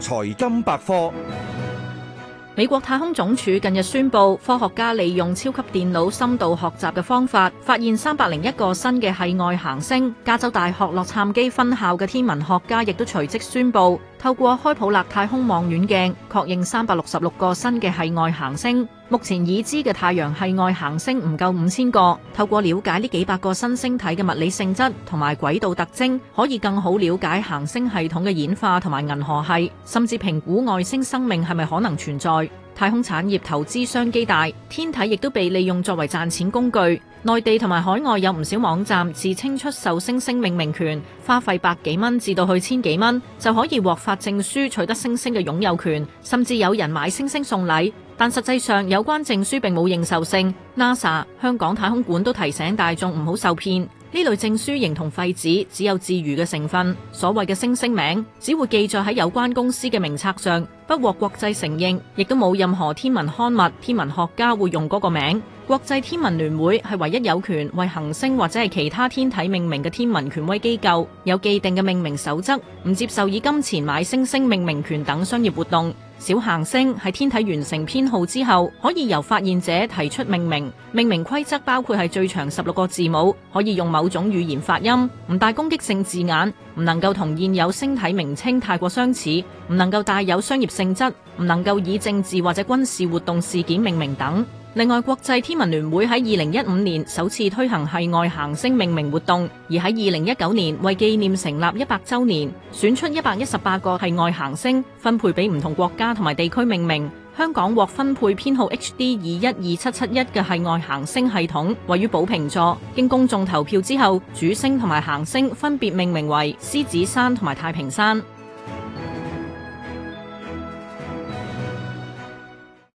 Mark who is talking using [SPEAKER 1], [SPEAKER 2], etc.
[SPEAKER 1] 財金百科。美國太空總署近日宣布，科學家利用超級電腦深度學習嘅方法，發現三百零一個新嘅系外行星。加州大學洛杉磯分校嘅天文學家亦都隨即宣布。透過開普勒太空望遠鏡，確認三百六十六個新嘅系外行星。目前已知嘅太陽系外行星唔夠五千個。透過了解呢幾百個新星體嘅物理性質同埋軌道特徵，可以更好了解行星系統嘅演化同埋銀河系，甚至評估外星生命係咪可能存在。太空產業投資商機大，天體亦都被利用作為賺錢工具。內地同埋海外有唔少網站自稱出售星星命名權，花費百幾蚊至到去千幾蚊就可以獲發證書取得星星嘅擁有權，甚至有人買星星送禮。但實際上有關證書並冇認受性，NASA、香港太空館都提醒大眾唔好受騙。呢類證書形同廢紙，只有自娛嘅成分。所謂嘅星星名，只會記載喺有關公司嘅名冊上，不獲國際承認，亦都冇任何天文刊物、天文學家會用嗰個名。國際天文聯會係唯一有權為行星或者係其他天體命名嘅天文權威機構，有既定嘅命名守則，唔接受以金錢買星星命名權等商業活動。小行星喺天體完成編號之後，可以由發現者提出命名。命名規則包括係最長十六個字母，可以用某種語言發音，唔帶攻擊性字眼，唔能夠同現有星體名稱太過相似，唔能夠帶有商業性質，唔能夠以政治或者軍事活動事件命名等。另外，國際天文聯會喺二零一五年首次推行系外行星命名活動，而喺二零一九年為紀念成立一百週年，選出一百一十八個系外行星，分配俾唔同國家同埋地區命名。香港獲分配編號 HD 二一二七七一嘅系外行星系統，位於寶瓶座。經公眾投票之後，主星同埋行星分別命名為獅子山同埋太平山。